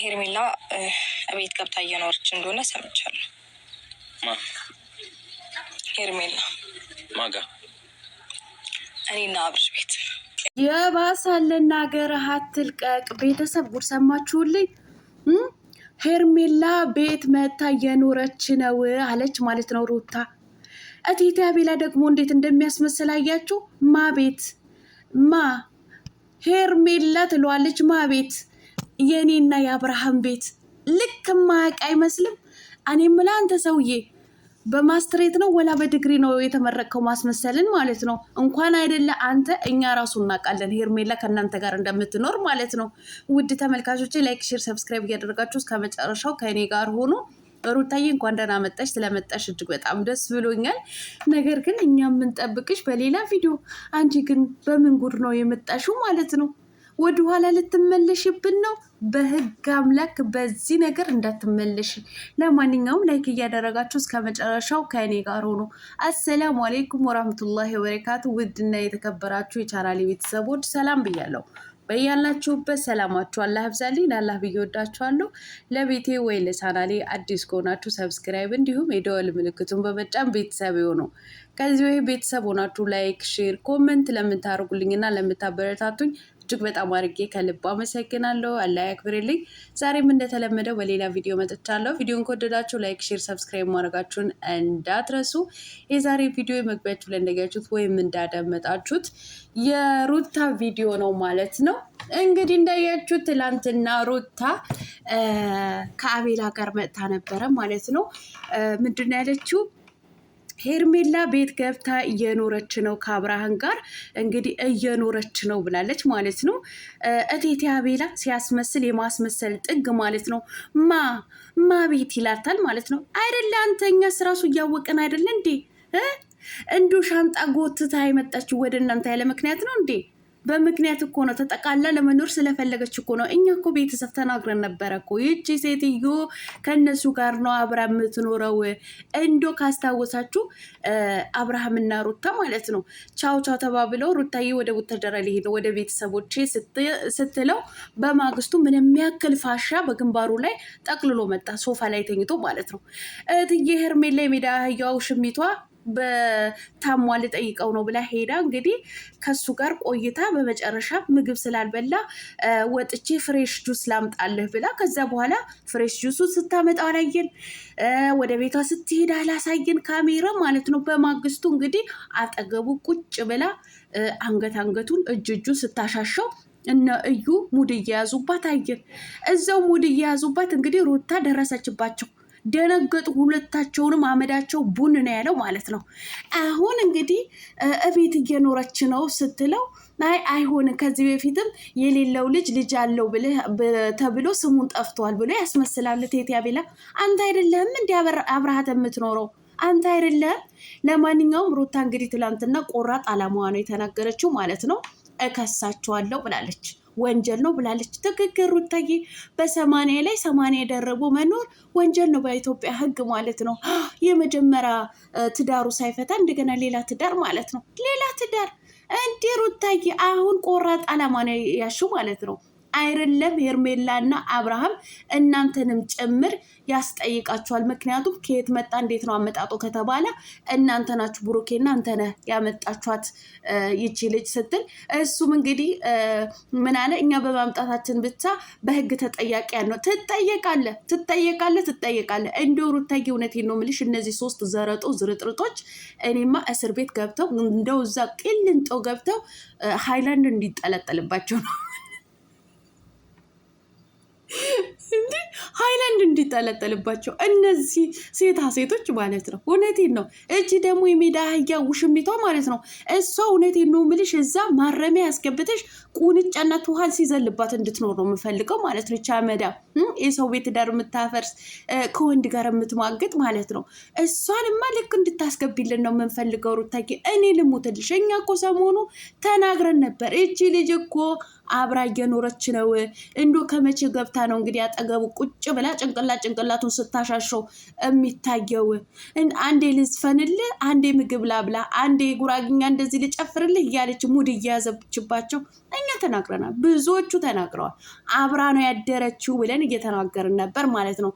ሄርሜላ ቤት ገብታ እየኖረች እንደሆነ ሰምቻለሁ። ሄርሜላ ማጋ እኔና አብርሽ ቤት የባሳለና ሀገር ትልቀቅ ቤተሰብ ጉድ ሰማችሁልኝ። ሄርሜላ ቤት መታ እየኖረች ነው አለች ማለት ነው ሩታ። እቴቴ አቤላ ደግሞ እንዴት እንደሚያስመስል አያችሁ? ማ ቤት ማ ሄርሜላ ትለዋለች ማ ቤት የእኔና የአብርሃም ቤት ልክ ማያውቅ አይመስልም። እኔ ምላ አንተ ሰውዬ በማስትሬት ነው ወላ በድግሪ ነው የተመረቅከው? ማስመሰልን ማለት ነው። እንኳን አይደለ አንተ እኛ ራሱ እናውቃለን፣ ሄርሜላ ከእናንተ ጋር እንደምትኖር ማለት ነው። ውድ ተመልካቾች ላይክ፣ ሼር፣ ሰብስክራይብ እያደረጋችሁ እስከ መጨረሻው ከእኔ ጋር ሆኖ ሩታዬ እንኳን ደህና መጣሽ። ስለመጣሽ እጅግ በጣም ደስ ብሎኛል። ነገር ግን እኛ የምንጠብቅሽ በሌላ ቪዲዮ፣ አንቺ ግን በምን ጉድ ነው የመጣሽው ማለት ነው? ወደ ኋላ ልትመለሽብን ነው። በህግ አምላክ በዚህ ነገር እንዳትመለሽ። ለማንኛውም ላይክ እያደረጋችሁ እስከ መጨረሻው ከእኔ ጋር ሆኖ። አሰላሙ አሌይኩም ወራህመቱላሂ ወበረካቱ። ውድና የተከበራችሁ የቻናሌ ቤተሰቦች ሰላም ብያለሁ። በያላችሁበት ሰላማችሁ አላህ ብዛልኝ። ለአላህ ብዬ ወዳችኋለሁ። ለቤቴ ወይ ለቻናሌ አዲስ ከሆናችሁ ሰብስክራይብ፣ እንዲሁም የደወል ምልክቱን በመጫን ቤተሰብ የሆኑ ከዚህ ወይ ቤተሰብ ሆናችሁ ላይክ፣ ሼር፣ ኮመንት ለምታደርጉልኝና ለምታበረታቱኝ እጅግ በጣም አድርጌ ከልብ አመሰግናለሁ። አላህ ያክብርልኝ። ዛሬም እንደተለመደው በሌላ ቪዲዮ መጥቻለሁ። ቪዲዮን ከወደዳችሁ ላይክ፣ ሼር፣ ሰብስክራይብ ማድረጋችሁን እንዳትረሱ። የዛሬ ቪዲዮ መግቢያችሁ ላይ እንዳያችሁት ወይም እንዳደመጣችሁት የሩታ ቪዲዮ ነው ማለት ነው። እንግዲህ እንዳያችሁት ትላንትና ሩታ ከአቤላ ጋር መጥታ ነበረ ማለት ነው። ምንድን ነው ያለችው? ሄርሜላ ቤት ገብታ እየኖረች ነው ከአብርሃን ጋር እንግዲህ እየኖረች ነው ብላለች ማለት ነው። እቴቴ አቤላ ሲያስመስል የማስመሰል ጥግ ማለት ነው። ማ ማ ቤት ይላታል ማለት ነው አይደለ? አንተኛ ስራሱ እያወቀን አይደለ እንዴ? እንዱ ሻንጣ ጎትታ የመጣችው ወደ እናንተ ያለ ምክንያት ነው እንዴ? በምክንያት እኮ ነው። ተጠቃላ ለመኖር ስለፈለገች እኮ ነው። እኛ እኮ ቤተሰብ ተናግረን ነበረ እኮ ይቺ ሴትዮ ከእነሱ ጋር ነው አብራ የምትኖረው። እንዶ ካስታወሳችሁ አብርሃምና ሩታ ማለት ነው ቻው ቻው ተባብለው ሩታዬ ወደ ቡታደራ ሊሄድ ነው ወደ ቤተሰቦቼ ስትለው በማግስቱ ምን የሚያክል ፋሻ በግንባሩ ላይ ጠቅልሎ መጣ። ሶፋ ላይ ተኝቶ ማለት ነው። እትዬ ሄርሜላ የሜዳ አህያው ሽሚቷ በታሟ ልጠይቀው ነው ብላ ሄዳ እንግዲህ ከሱ ጋር ቆይታ በመጨረሻ ምግብ ስላልበላ ወጥቼ ፍሬሽ ጁስ ላምጣልህ ብላ ከዛ በኋላ ፍሬሽ ጁሱ ስታመጣው አላየን፣ ወደ ቤቷ ስትሄድ አላሳየን ካሜራ ማለት ነው። በማግስቱ እንግዲህ አጠገቡ ቁጭ ብላ አንገት አንገቱን እጅ እጁ ስታሻሸው እነ እዩ ሙድ እየያዙባት አየን። እዛው ሙድ እየያዙባት እንግዲህ ሩታ ደረሰችባቸው። ደነገጡ። ሁለታቸውንም አመዳቸው ቡን ነው ያለው ማለት ነው። አሁን እንግዲህ እቤት እየኖረች ነው ስትለው አይ አይሆንም፣ ከዚህ በፊትም የሌለው ልጅ ልጅ አለው ተብሎ ስሙን ጠፍቷል ብሎ ያስመስላል። ቴቴ ቤላ፣ አንተ አይደለህም እንዲ አብረሃት የምትኖረው አንተ አይደለህም። ለማንኛውም ሩታ እንግዲህ ትላንትና ቆራጥ አላማዋ ነው የተናገረችው ማለት ነው። እከሳችኋለሁ ብላለች። ወንጀል ነው ብላለች። ትክክል ሩታዬ፣ በሰማንያ ላይ ሰማንያ የደረቡ መኖር ወንጀል ነው በኢትዮጵያ ሕግ ማለት ነው። የመጀመሪያ ትዳሩ ሳይፈታ እንደገና ሌላ ትዳር ማለት ነው። ሌላ ትዳር እንዲህ ሩታዬ፣ አሁን ቆራጥ አላማ ነው ማለት ነው። አይደለም ሄርሜላና አብርሃም እናንተንም ጭምር ያስጠይቃችኋል። ምክንያቱም ከየት መጣ እንዴት ነው አመጣጦ ከተባለ እናንተ ናችሁ ብሩኬ፣ እናንተ ነህ ያመጣችኋት ይቺ ልጅ ስትል እሱም እንግዲህ ምን አለ እኛ በማምጣታችን ብቻ በህግ ተጠያቂ ያ ነው ትጠየቃለ ትጠየቃለ ትጠየቃለ። እንደው ሩታዬ እውነቴን ነው የምልሽ እነዚህ ሶስት ዘረጦ ዝርጥርጦች እኔማ እስር ቤት ገብተው እንደው እዛ ቅልንጦ ገብተው ሀይላንድ እንዲጠለጠልባቸው ነው እንዲጠለጠልባቸው እነዚህ ሴታ ሴቶች ማለት ነው። እውነቴን ነው። እጅ ደግሞ የሜዳ አህያ ውሽሚቷ ማለት ነው። እሷ እውነቴን ነው የምልሽ እዛ ማረሚያ ያስገብተሽ ቁንጫና ውሃን ሲዘልባት እንድትኖር ነው የምፈልገው ማለት ነው። ይቻ መዳ የሰው ቤት ዳር የምታፈርስ ከወንድ ጋር የምትማግጥ ማለት ነው። እሷንማ ልክ እንድታስገቢልን ነው የምንፈልገው። ሩታዬ እኔ ልሙትልሽ። እኛ እኮ ሰሞኑ ተናግረን ነበር። እቺ ልጅ እኮ አብራ እየኖረች ነው እንዶ ከመቼ ገብታ ነው እንግዲህ አጠገቡ ቁጭ ብላ ጭንቅላ ጭንቅላት ጭንቅላቱን ስታሻሸው የሚታየው አንዴ ልዝፈንልህ፣ አንዴ ምግብ ላብላ፣ አንዴ ጉራግኛ እንደዚህ ልጨፍርልህ እያለች ሙድ እያያዘችባቸው እኛ ተናግረናል። ብዙዎቹ ተናግረዋል። አብራ ነው ያደረችው ብለን እየተናገርን ነበር ማለት ነው።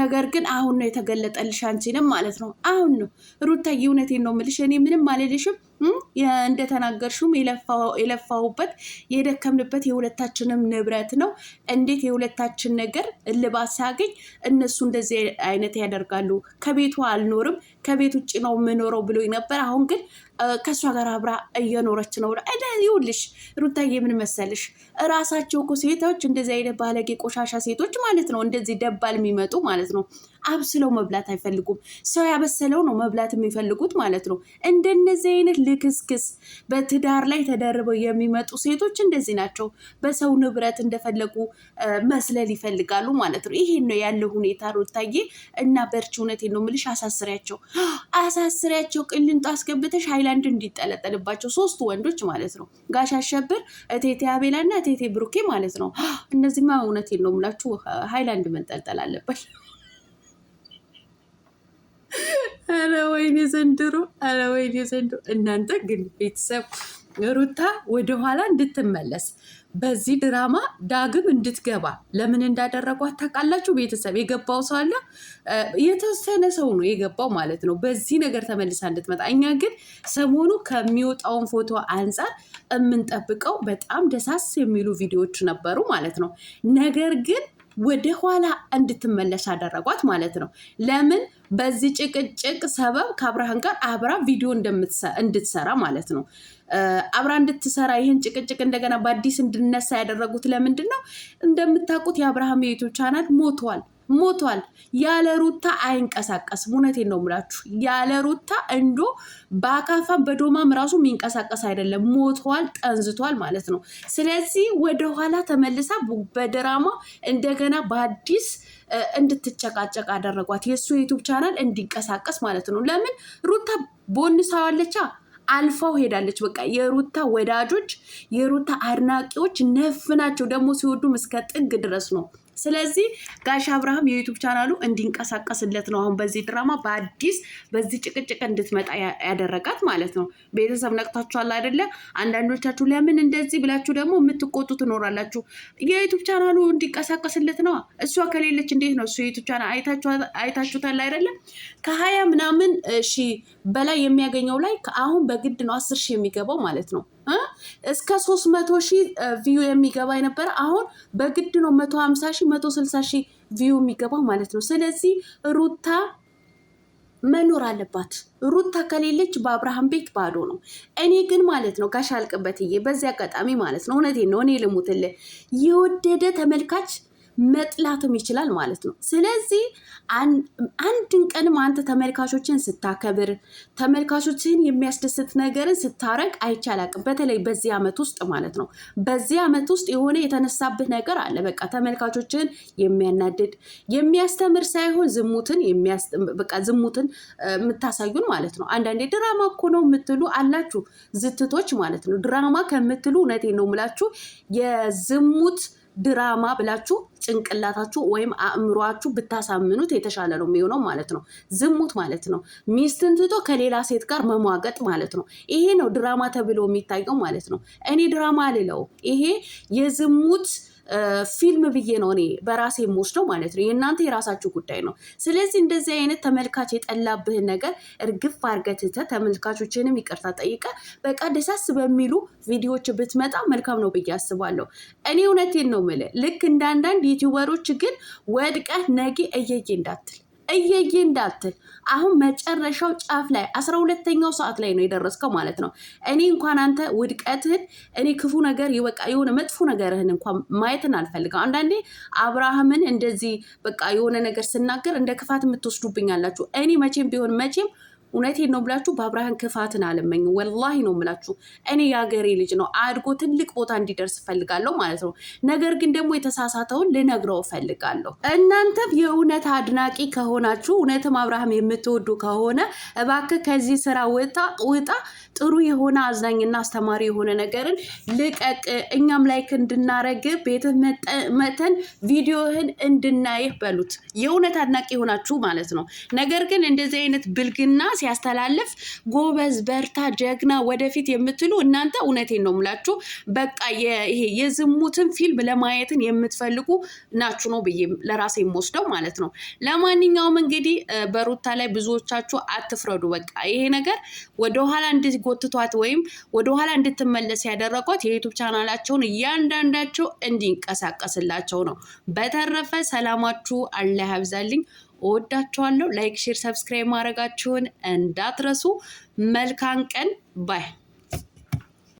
ነገር ግን አሁን ነው የተገለጠልሽ አንቺንም ማለት ነው። አሁን ነው ሩታ፣ እውነቴን ነው የምልሽ እኔ ምንም አልልሽም። እንደተናገርሽውም የለፋሁበት የደከምንበት የሁለታችንም ንብረት ነው። እንዴት የሁለታችን ነገር እልባት ሳያገኝ እነሱ እንደዚህ አይነት ያደርጋሉ? ከቤቱ አልኖርም ከቤት ውጭ ነው የምኖረው ብሎ ነበር። አሁን ግን ከእሷ ጋር አብራ እየኖረች ነው። ይኸውልሽ ሩታዬ፣ ምን መሰልሽ፣ እራሳቸው እኮ ሴቶች እንደዚህ አይነት ባለጌ ቆሻሻ ሴቶች ማለት ነው እንደዚህ ደባል የሚመጡ ማለት ነው አብስለው መብላት አይፈልጉም። ሰው ያበሰለው ነው መብላት የሚፈልጉት ማለት ነው። እንደነዚህ አይነት ልክስክስ በትዳር ላይ ተደርበው የሚመጡ ሴቶች እንደዚህ ናቸው። በሰው ንብረት እንደፈለጉ መስለል ይፈልጋሉ ማለት ነው። ይሄን ነው ያለ ሁኔታ ሩታዬ። እና በርቺ፣ እውነቴን ነው የምልሽ። አሳስሪያቸው አሳስሪያቸው፣ ቅልንጦ አስገብተሽ ሀይላንድ እንዲጠለጠልባቸው ሶስቱ ወንዶች ማለት ነው። ጋሽ አሸብር፣ እቴቴ አቤላ እና እቴቴ ብሩኬ ማለት ነው። እነዚህማ እውነቴን ነው የምላችሁ ሀይላንድ መንጠልጠል አለባቸው። አረ ወይኔ ዘንድሮ፣ አረ ወይኔ ዘንድሮ። እናንተ ግን ቤተሰብ ሩታ ወደኋላ እንድትመለስ በዚህ ድራማ ዳግም እንድትገባ ለምን እንዳደረጓት ታውቃላችሁ? ቤተሰብ የገባው ሰው አለ፣ የተወሰነ ሰው ነው የገባው ማለት ነው። በዚህ ነገር ተመልሳ እንድትመጣ እኛ ግን ሰሞኑ ከሚወጣውን ፎቶ አንጻር የምንጠብቀው በጣም ደሳስ የሚሉ ቪዲዮዎች ነበሩ ማለት ነው። ነገር ግን ወደ ኋላ እንድትመለስ አደረጓት ማለት ነው። ለምን? በዚህ ጭቅጭቅ ሰበብ ከአብርሃን ጋር አብራ ቪዲዮ እንድትሰራ ማለት ነው። አብራ እንድትሰራ ይህን ጭቅጭቅ እንደገና በአዲስ እንድነሳ ያደረጉት ለምንድን ነው? እንደምታውቁት የአብርሃም የዩቱብ ቻናል ሞቷል። ሞቷል። ያለ ሩታ አይንቀሳቀስም። እውነቴን ነው የምላችሁ። ያለ ሩታ እንዶ በአካፋ በዶማም ራሱ የሚንቀሳቀስ አይደለም። ሞቷል፣ ጠንዝቷል ማለት ነው። ስለዚህ ወደኋላ ተመልሳ በድራማ እንደገና በአዲስ እንድትጨቃጨቅ አደረጓት። የእሱ ዩቱብ ቻናል እንዲንቀሳቀስ ማለት ነው። ለምን ሩታ ቦንሳዋለቻ አልፋው ሄዳለች። በቃ የሩታ ወዳጆች የሩታ አድናቂዎች ነፍ ናቸው። ደግሞ ሲወዱም እስከ ጥግ ድረስ ነው። ስለዚህ ጋሽ አብርሃም የዩቱብ ቻናሉ እንዲንቀሳቀስለት ነው አሁን በዚህ ድራማ በአዲስ በዚህ ጭቅጭቅ እንድትመጣ ያደረጋት ማለት ነው። ቤተሰብ ነቅታችኋል አይደለ? አንዳንዶቻችሁ ለምን እንደዚህ ብላችሁ ደግሞ የምትቆጡ ትኖራላችሁ። የዩቱብ ቻናሉ እንዲንቀሳቀስለት ነው። እሷ ከሌለች እንዴት ነው እሱ የዩቱብ ቻናል አይታችሁታል አይደለም? ከሀያ ምናምን ሺህ በላይ የሚያገኘው ላይ አሁን በግድ ነው አስር ሺህ የሚገባው ማለት ነው። እስከ ሶስት መቶ ሺህ ቪዩ የሚገባ የነበረ አሁን በግድ ነው መቶ ሀምሳ ሺህ መቶ ስልሳ ሺህ ቪዩ የሚገባ ማለት ነው። ስለዚህ ሩታ መኖር አለባት። ሩታ ከሌለች በአብርሃም ቤት ባዶ ነው። እኔ ግን ማለት ነው ጋሽ አልቅበትዬ በዚህ አጋጣሚ ማለት ነው እውነቴን ነው እኔ ልሙትልህ የወደደ ተመልካች መጥላትም ይችላል ማለት ነው። ስለዚህ አንድን ቀንም አንተ ተመልካቾችን ስታከብር ተመልካቾችን የሚያስደስት ነገርን ስታረግ አይቻላቅም። በተለይ በዚህ ዓመት ውስጥ ማለት ነው። በዚህ ዓመት ውስጥ የሆነ የተነሳብህ ነገር አለ። በቃ ተመልካቾችን የሚያናድድ የሚያስተምር ሳይሆን ዝሙትን በቃ ዝሙትን የምታሳዩን ማለት ነው። አንዳንዴ ድራማ እኮ ነው የምትሉ አላችሁ፣ ዝትቶች ማለት ነው። ድራማ ከምትሉ እውነቴ ነው የምላችሁ የዝሙት ድራማ ብላችሁ ጭንቅላታችሁ ወይም አእምሯችሁ ብታሳምኑት የተሻለ ነው የሚሆነው ማለት ነው። ዝሙት ማለት ነው ሚስትን ትቶ ከሌላ ሴት ጋር መሟገጥ ማለት ነው። ይሄ ነው ድራማ ተብሎ የሚታየው ማለት ነው። እኔ ድራማ ልለው ይሄ የዝሙት ፊልም ብዬ ነው እኔ በራሴ የምወስደው ማለት ነው። የእናንተ የራሳችሁ ጉዳይ ነው። ስለዚህ እንደዚህ አይነት ተመልካች የጠላብህን ነገር እርግፍ አድርገህ ትተህ ተመልካቾችንም ይቅርታ ጠይቀህ በቃ ደሳስ በሚሉ ቪዲዮዎች ብትመጣ መልካም ነው ብዬ አስባለሁ። እኔ እውነቴን ነው የምልህ። ልክ እንዳንዳንድ ዩቲዩበሮች ግን ወድቀህ ነጌ እየዬ እንዳትል እየየ እንዳትል አሁን መጨረሻው ጫፍ ላይ አስራ ሁለተኛው ሰዓት ላይ ነው የደረስከው ማለት ነው። እኔ እንኳን አንተ ውድቀትህን እኔ ክፉ ነገር ይበቃ የሆነ መጥፎ ነገርህን እንኳን ማየትን አልፈልገ አንዳንዴ አብርሃምን እንደዚህ በቃ የሆነ ነገር ስናገር እንደ ክፋት የምትወስዱብኝ አላችሁ። እኔ መቼም ቢሆን መቼም እውነቴን ነው ብላችሁ በአብርሃን ክፋትን አለመኝ። ወላሂ ነው ምላችሁ። እኔ የሀገሬ ልጅ ነው አድጎ ትልቅ ቦታ እንዲደርስ እፈልጋለሁ ማለት ነው። ነገር ግን ደግሞ የተሳሳተውን ልነግረው እፈልጋለሁ። እናንተም የእውነት አድናቂ ከሆናችሁ እውነትም አብርሃም የምትወዱ ከሆነ እባክህ ከዚህ ስራ ውጣ ውጣ። ጥሩ የሆነ አዝናኝና አስተማሪ የሆነ ነገርን ልቀቅ። እኛም ላይክ እንድናረግ ቤት መተን ቪዲዮህን እንድናይህ በሉት። የእውነት አድናቂ የሆናችሁ ማለት ነው። ነገር ግን እንደዚህ አይነት ብልግና ሲያስተላልፍ ጎበዝ፣ በርታ፣ ጀግና፣ ወደፊት የምትሉ እናንተ እውነቴን ነው የምላችሁ በቃ ይሄ የዝሙትን ፊልም ለማየትን የምትፈልጉ ናችሁ ነው ብዬ ለራሴ የምወስደው ማለት ነው። ለማንኛውም እንግዲህ በሩታ ላይ ብዙዎቻችሁ አትፍረዱ። በቃ ይሄ ነገር ወደኋላ እንድትጎትቷት ወይም ወደኋላ እንድትመለስ ያደረጓት የዩቱብ ቻናላቸውን እያንዳንዳቸው እንዲንቀሳቀስላቸው ነው። በተረፈ ሰላማችሁ አላህ ያብዛልኝ። እወዳችኋለሁ። ላይክ፣ ሼር፣ ሰብስክራይብ ማድረጋችሁን እንዳትረሱ። መልካም ቀን ባይ